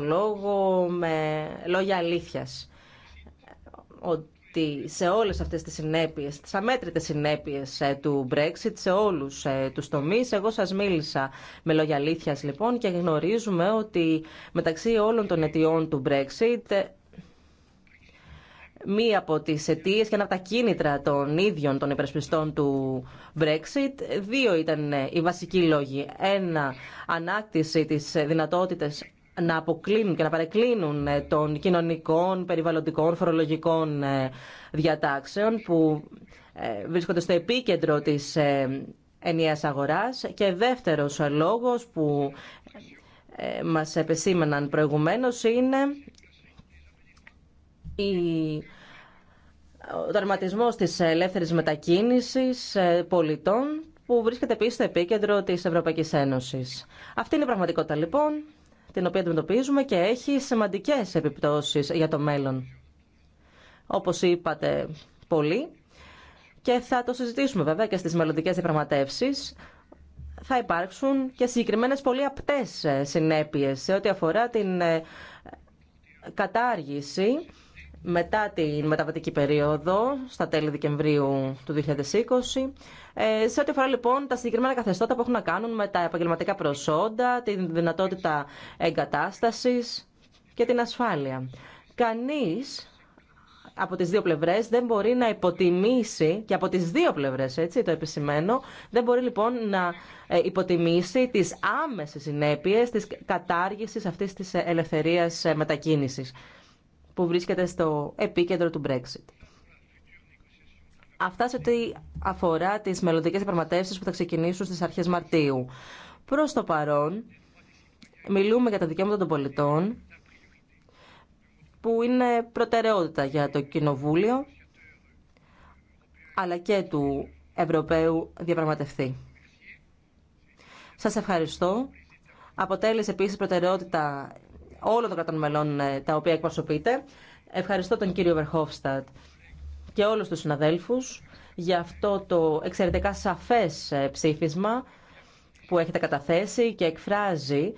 λόγο, με λόγια αλήθειας. Ότι σε όλες αυτές τις συνέπειες, τις αμέτρητες συνέπειες ε, του Brexit, σε όλους ε, τους τομείς, εγώ σας μίλησα με λόγια αλήθειας λοιπόν και γνωρίζουμε ότι μεταξύ όλων των αιτιών του Brexit ε, μία από τις αιτίε και ένα από τα κίνητρα των ίδιων των υπερασπιστών του Brexit. Δύο ήταν οι βασικοί λόγοι. Ένα, ανάκτηση της δυνατότητας να αποκλίνουν και να παρεκκλίνουν ε, των κοινωνικών, περιβαλλοντικών, φορολογικών ε, διατάξεων που ε, βρίσκονται στο επίκεντρο της ενιαίας αγοράς και δεύτερος λόγος που μας επισήμεναν προηγουμένως είναι η... ο δραματισμός της ελεύθερης μετακίνησης πολιτών που βρίσκεται επίσης στο επίκεντρο της Ευρωπαϊκής Ένωσης. Αυτή είναι η πραγματικότητα λοιπόν την οποία αντιμετωπίζουμε και έχει σημαντικές επιπτώσεις για το μέλλον. Όπως είπατε πολύ και θα το συζητήσουμε βέβαια και στις μελλοντικές διαπραγματεύσει θα υπάρξουν και συγκεκριμένες πολύ απτές συνέπειες σε ό,τι αφορά την ε, κατάργηση μετά την μεταβατική περίοδο, στα τέλη Δεκεμβρίου του 2020. Ε, σε ό,τι αφορά λοιπόν τα συγκεκριμένα καθεστώτα που έχουν να κάνουν με τα επαγγελματικά προσόντα, τη δυνατότητα εγκατάστασης και την ασφάλεια. Κανείς από τις δύο πλευρές δεν μπορεί να υποτιμήσει, και από τις δύο πλευρές, έτσι, το επισημαίνω, δεν μπορεί λοιπόν να ε, υποτιμήσει τις άμεσες συνέπειες της κατάργησης αυτής της ελευθερίας ε, μετακίνησης που βρίσκεται στο επίκεντρο του Brexit. Αυτά σε ό,τι αφορά τις μελλοντικέ διαπραγματεύσει που θα ξεκινήσουν στις αρχές Μαρτίου. Προς το παρόν, μιλούμε για τα δικαιώματα των πολιτών, που είναι προτεραιότητα για το Κοινοβούλιο, αλλά και του Ευρωπαίου διαπραγματευτή. Σας ευχαριστώ. Αποτέλεσε επίσης προτεραιότητα όλων των κρατών μελών ε, τα οποία εκπροσωπείτε. Ευχαριστώ τον κύριο Βερχόφστατ και όλους τους συναδέλφους για αυτό το εξαιρετικά σαφές ε, ψήφισμα που έχετε καταθέσει και εκφράζει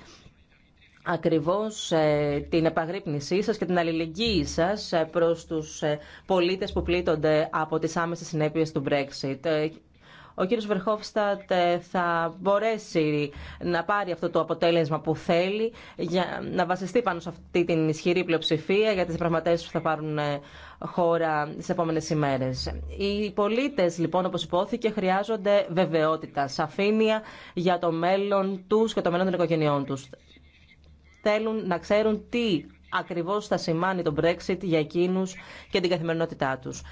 ακριβώς ε, την επαγρύπνησή σας και την αλληλεγγύη σας προς τους πολίτες που πλήττονται από τις άμεσες συνέπειες του Brexit ο κύριος Βερχόφστατ ε, θα μπορέσει να πάρει αυτό το αποτέλεσμα που θέλει, για να βασιστεί πάνω σε αυτή την ισχυρή πλειοψηφία για τις πραγματές που θα πάρουν ε, χώρα τι επόμενες ημέρες. Οι πολίτες, λοιπόν, όπως υπόθηκε, χρειάζονται βεβαιότητα, σαφήνεια για το μέλλον τους και το μέλλον των οικογενειών τους. Θέλουν να ξέρουν τι ακριβώς θα σημάνει το Brexit για εκείνους και την καθημερινότητά τους.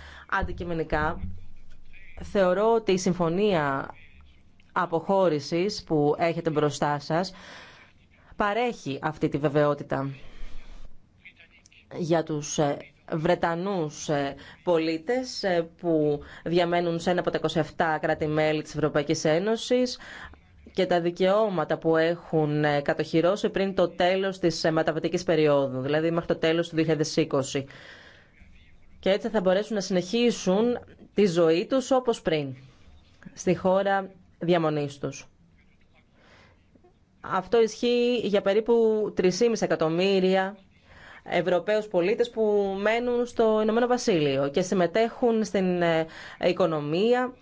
Αντικειμενικά, θεωρώ ότι η συμφωνία αποχώρησης που έχετε μπροστά σας παρέχει αυτή τη βεβαιότητα για τους ε, Βρετανούς ε, πολίτες ε, που διαμένουν σε ένα από τα 27 κράτη-μέλη της Ευρωπαϊκής Ένωσης και τα δικαιώματα που έχουν κατοχυρώσει πριν το τέλος της μεταβατικής περίοδου, δηλαδή μέχρι το τέλος του 2020. Και έτσι θα μπορέσουν να συνεχίσουν τη ζωή τους όπως πριν, στη χώρα διαμονής τους. Αυτό ισχύει για περίπου 3,5 εκατομμύρια Ευρωπαίους πολίτες που μένουν στο Ηνωμένο Βασίλειο και συμμετέχουν στην ε, οικονομία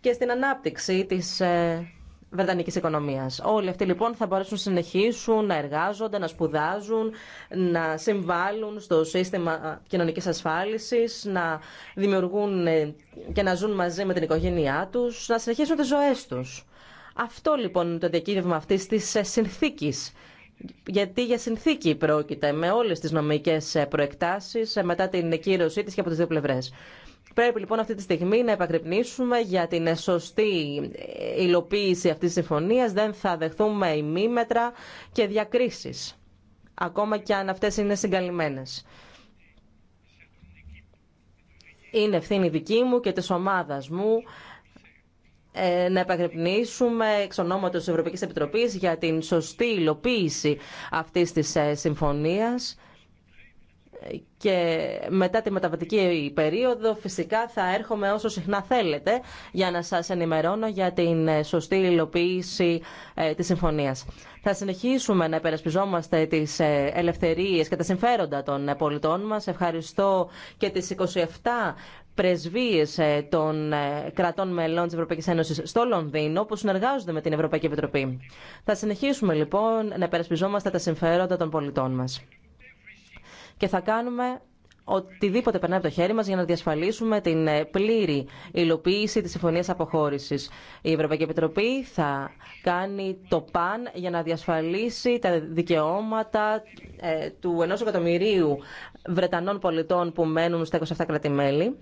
και στην ανάπτυξη της ε, Βρετανική οικονομία. Όλοι αυτοί λοιπόν θα μπορέσουν να συνεχίσουν να εργάζονται, να σπουδάζουν, να συμβάλλουν στο σύστημα κοινωνικής ασφάλισης, να δημιουργούν ε, και να ζουν μαζί με την οικογένειά τους, να συνεχίσουν τι ζωές τους. Αυτό λοιπόν είναι το διακύβευμα αυτή τη ε, συνθήκης γιατί για συνθήκη πρόκειται με όλες τις νομικές ε, προεκτάσεις μετά την κύρωσή της και από τις δύο πλευρές. Πρέπει λοιπόν αυτή τη στιγμή να επακρυπνήσουμε για την σωστή υλοποίηση αυτής της συμφωνίας. Δεν θα δεχθούμε ημίμετρα και διακρίσεις, ακόμα και αν αυτές είναι συγκαλυμμένες. Είναι ευθύνη δική μου και της ομάδας μου ε, να επαγρυπνήσουμε εξ ονόματος της Ευρωπαϊκής Επιτροπής για την σωστή υλοποίηση αυτής της ε, συμφωνίας και μετά τη μεταβατική περίοδο φυσικά θα έρχομαι όσο συχνά θέλετε για να σας ενημερώνω για την ε, σωστή υλοποίηση ε, της συμφωνίας. Θα συνεχίσουμε να υπερασπιζόμαστε τις ε, ελευθερίες και τα συμφέροντα των πολιτών μας. Ευχαριστώ και τις 27 πρεσβείες των κρατών μελών της Ευρωπαϊκής Ένωσης στο Λονδίνο που συνεργάζονται με την Ευρωπαϊκή Επιτροπή. Θα συνεχίσουμε λοιπόν να υπερασπιζόμαστε τα συμφέροντα των πολιτών μας και θα κάνουμε οτιδήποτε περνάει από το χέρι μας για να διασφαλίσουμε την ε, πλήρη υλοποίηση της συμφωνίας αποχώρησης. Η Ευρωπαϊκή Επιτροπή θα κάνει το παν για να διασφαλίσει τα δικαιώματα ε, του ενός εκατομμυρίου Βρετανών πολιτών που μένουν στα 27 κράτη-μέλη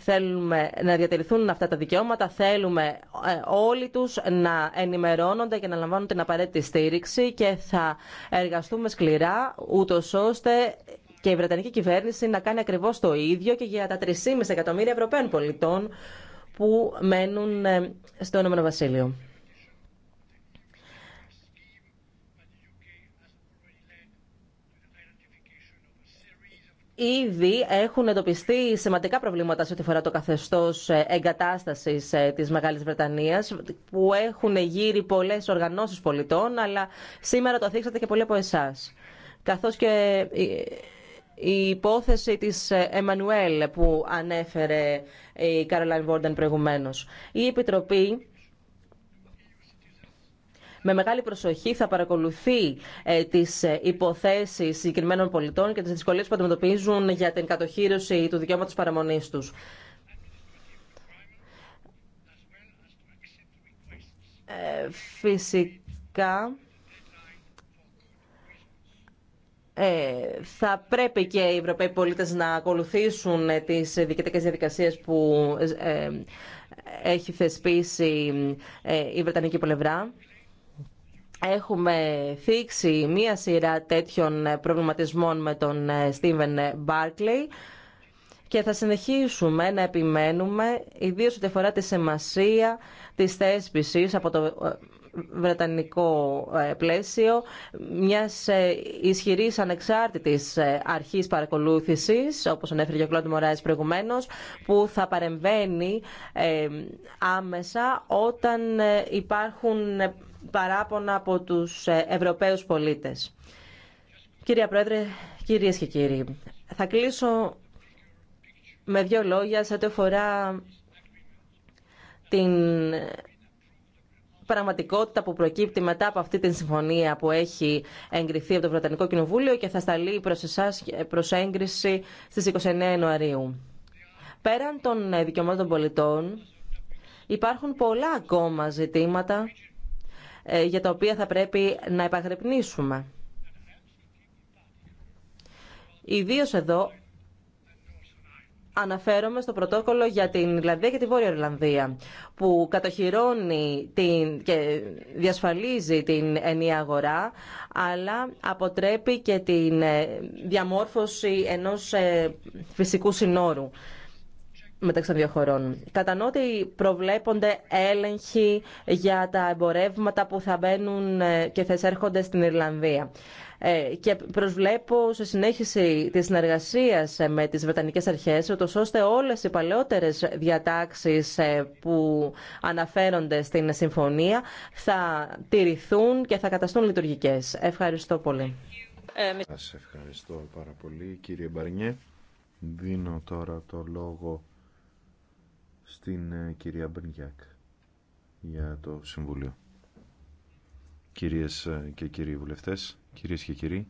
Θέλουμε να διατηρηθούν αυτά τα δικαιώματα, θέλουμε ε, όλοι τους να ενημερώνονται και να λαμβάνουν την απαραίτητη στήριξη και θα εργαστούμε σκληρά ούτως ώστε και η Βρετανική κυβέρνηση να κάνει ακριβώς το ίδιο και για τα 3,5 εκατομμύρια Ευρωπαίων πολιτών που μένουν ε, στο Ηνωμένο Βασίλειο. Ήδη έχουν εντοπιστεί σημαντικά προβλήματα σε ό,τι φορά το καθεστώ ε, εγκατάσταση ε, τη Μεγάλη Βρετανία, που έχουν γύρει πολλέ οργανώσει πολιτών, αλλά σήμερα το αθήξατε και πολλοί από εσά. Καθώ και η υπόθεση της ε, Εμμανουέλ που ανέφερε η Καρολάιν Βόρντεν προηγουμένως. Η Επιτροπή με μεγάλη προσοχή θα παρακολουθεί ε, τι ε, υποθέσει συγκεκριμένων πολιτών και τι δυσκολίε που αντιμετωπίζουν για την κατοχήρωση του δικαιώματο παραμονή του. Ε, φυσικά θα πρέπει και οι Ευρωπαίοι πολίτες να ακολουθήσουν τις διοικητικές διαδικασίες που έχει θεσπίσει η Βρετανική πλευρά. Έχουμε θίξει μία σειρά τέτοιων ε, προβληματισμών με τον ε, Στίβεν ε, Μπάρκλεϊ και θα συνεχίσουμε να επιμένουμε, ιδίως ότι αφορά τη σημασία της θέσπισης από το βρετανικό πλαίσιο μιας ισχυρής ανεξάρτητης αρχής παρακολούθησης όπως ανέφερε και ο Κλώτη Μωράης προηγουμένως που θα παρεμβαίνει άμεσα όταν υπάρχουν παράπονα από τους ε, Ευρωπαίους πολίτες. Κυρία Πρόεδρε, κυρίες και κύριοι, θα κλείσω με δύο λόγια σε ό,τι αφορά την πραγματικότητα που προκύπτει μετά από αυτή την συμφωνία που έχει εγκριθεί από το Βρετανικό Κοινοβούλιο και θα σταλεί προς εσάς προς έγκριση στις 29 Ιανουαρίου. Πέραν των δικαιωμάτων των πολιτών, υπάρχουν πολλά ακόμα ζητήματα ε, για τα οποία θα πρέπει να επαγρυπνήσουμε. Ιδίω εδώ αναφέρομαι στο πρωτόκολλο για την Ιρλανδία και τη Βόρεια Ιρλανδία, που κατοχυρώνει την, και διασφαλίζει την ενιαία αγορά, αλλά αποτρέπει και την ε, διαμόρφωση ενός ε, φυσικού συνόρου μεταξύ των δύο χωρών. Κατά προβλέπονται έλεγχοι για τα εμπορεύματα που θα μπαίνουν ε, και θα εισέρχονται στην Ιρλανδία. Ε, και προσβλέπω σε συνέχιση της συνεργασίας ε, με τις Βρετανικές Αρχές, ώστε όλες οι παλαιότερες διατάξεις που αναφέρονται στην συμφωνία θα τηρηθούν και θα καταστούν λειτουργικές. Ευχαριστώ πολύ. Σας ευχαριστώ πάρα πολύ κύριε Μπαρνιέ. Δίνω τώρα το λόγο στην ε, κυρία Μπενγκιακ για το Συμβούλιο. Κυρίες ε, και κύριοι βουλευτές, κυρίες και κύριοι,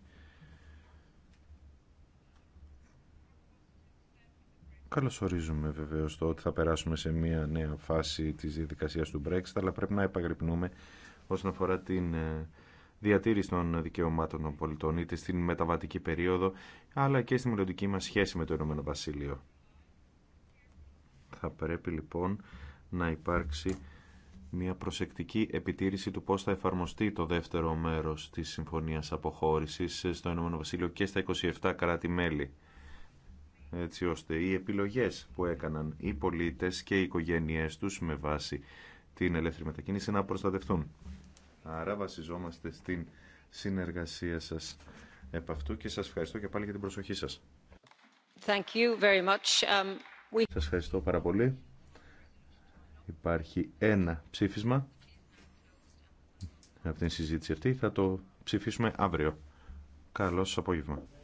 Καλωσορίζουμε βεβαίως το ότι θα περάσουμε σε μια νέα φάση της διαδικασία του Brexit, αλλά πρέπει να επαγρυπνούμε όσον αφορά την ε, διατήρηση των δικαιωμάτων των πολιτών, είτε στην μεταβατική περίοδο, αλλά και στη μελλοντική μας σχέση με το Ηνωμένο Βασίλειο. Θα πρέπει λοιπόν να υπάρξει μια προσεκτική επιτήρηση του πώς θα εφαρμοστεί το δεύτερο μέρος της Συμφωνίας Αποχώρησης στο ΕΒ Βασίλειο και στα 27 κράτη-μέλη. Έτσι ώστε οι επιλογές που έκαναν οι πολίτες και οι οικογένειές τους με βάση την ελεύθερη μετακίνηση να προστατευτούν. Άρα βασιζόμαστε στην συνεργασία σας επ' αυτού και σας ευχαριστώ και πάλι για την προσοχή σας. Thank you very much. Um, σας ευχαριστώ πάρα πολύ. Υπάρχει ένα ψήφισμα από την συζήτηση αυτή. Θα το ψηφίσουμε αύριο. Καλώς απόγευμα.